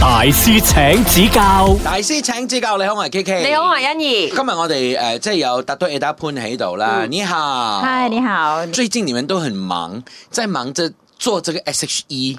大師請指教，大師請指教。你好，我係 K K。你好，我係欣宜。今日我哋誒，即、呃、係有 Datuk Ada Poon 喺度啦。嗯、你好，嗨，你好。最近你們都很忙，在忙着做這個 S H E。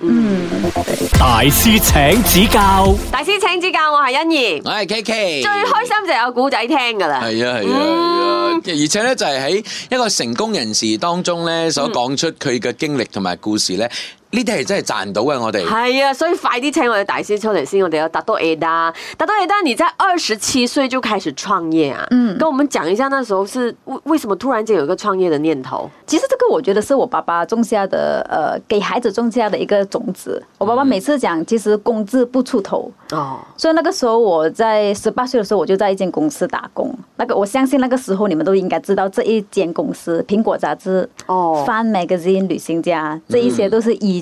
嗯，大師請指教，大師請指教，我係欣宜，我係是 KK，最開心就是有古仔聽噶啦，嗯啊，係啊係啊，係啊而且呢，就係喺一個成功人士當中呢，所講出佢嘅經歷同埋故事呢。嗯呢啲係真係賺到嘅，我哋係啊，所以快啲請我哋，大師出嚟先，我哋要達到 Ada。達到 a d 你在二十七歲就開始創業啊？嗯，跟我們講一下，那時候是為什麼突然間有一個創業的念頭？其實這個，我覺得是我爸爸種下的，呃，給孩子種下的一個種子。我爸爸每次講，其實工字不出頭。哦、嗯，所以那個時候我在十八歲的時候，我就在一間公司打工。那個我相信，那個時候你們都應該知道，這一間公司《蘋果雜誌》哦，《翻 Magazine》《旅行家》這一些都是以。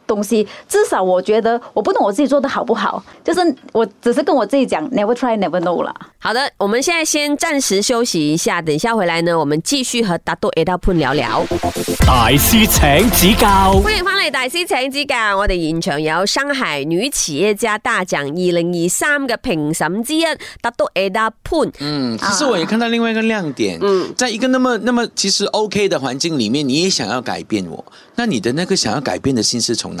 東西至少我覺得我不懂我自己做的好不好，就是我只是跟我自己講 Never try, never know 了。好的，我們現在先暫時休息一下，等一下回來呢，我們繼續和達都艾達潘聊聊。大師請指教，歡迎翻嚟。大師請指教，我哋現場有上海女企業家大獎二零二三嘅評審之一，達都艾達潘。嗯，其實我也看到另外一個亮點。嗯、啊，在一個那麼那麼其實 OK 的環境裏面，你也想要改變我，那你的那個想要改變的心是從哪？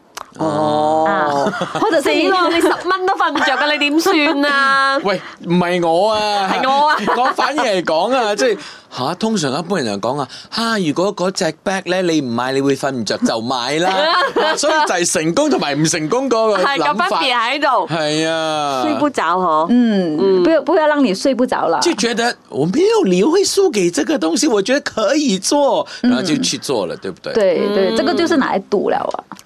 哦，我就死咯！你十蚊都瞓唔着噶，你點算啊？喂，唔係我啊，係我啊！我反而係講啊，即係吓，通常一般人就講啊，吓，如果嗰隻 bag 咧你唔買，你會瞓唔着，就買啦。所以就係成功同埋唔成功嗰個分別喺度。係啊，睡不着嗬，嗯嗯，不不要讓你睡不着啦。就覺得我沒有理由會輸給這個東西，我覺得可以做，然後就去做了，對不對？對對，這個就是拿來賭了啊。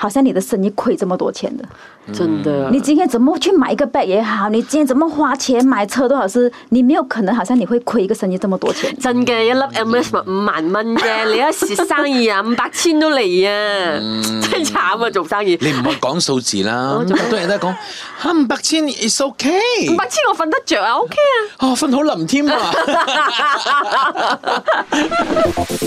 好像你的生意虧這麼多錢的、嗯，真的、啊。你今天怎麼去買一個 bag 也好，你今天怎麼花錢買車都好，是，你沒有可能，好像你會虧一個生意這麼多錢。嗯、真嘅，一粒 MS 物五萬蚊嘅，你一時生意啊， 五百千都嚟啊，嗯、真慘啊！做生意，你唔好講數字啦，好多人都講，啊，五百千，is ok，五百千我瞓得着啊，ok 啊，哦，瞓好林添啊，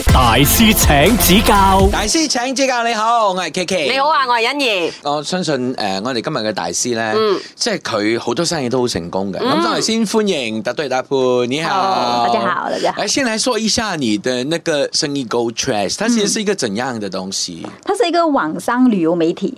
大師請指教，大師請指教，你好，我係 Kiki。好啊，我係欣怡。我相信誒、呃，我哋今日嘅大師咧，即係佢好多生意都好成功嘅。咁首、嗯、先歡迎答多答搭你好，大家、哦、好，大家好。誒，先嚟說一下你的那個生意 Go Trust，它其實是一個怎樣的東西？嗯、它是一個網商旅遊媒體。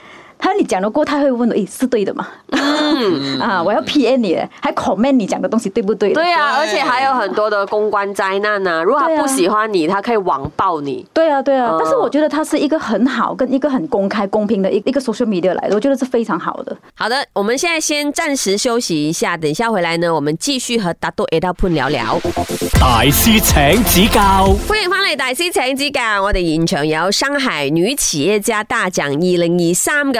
他你講得過，他會問：誒，是對的嗎？嗯、 啊，我要批你，還 comment 你講的東西對不對？對啊，對啊而且還有很多的公關災難啊！如果他不喜歡你，啊、他可以網暴你。對啊，對啊。嗯、但是我覺得他是一個很好、跟一個很公開、公平的一一個 social media 來的，我覺得是非常好的。好的，我們現在先暫時休息一下，等一下回來呢，我們繼續和 Datuk Ada Poon 聊聊。大師請指教，歡迎翻嚟！大師請指教，我哋現場有上海女企業家大獎二零二三嘅。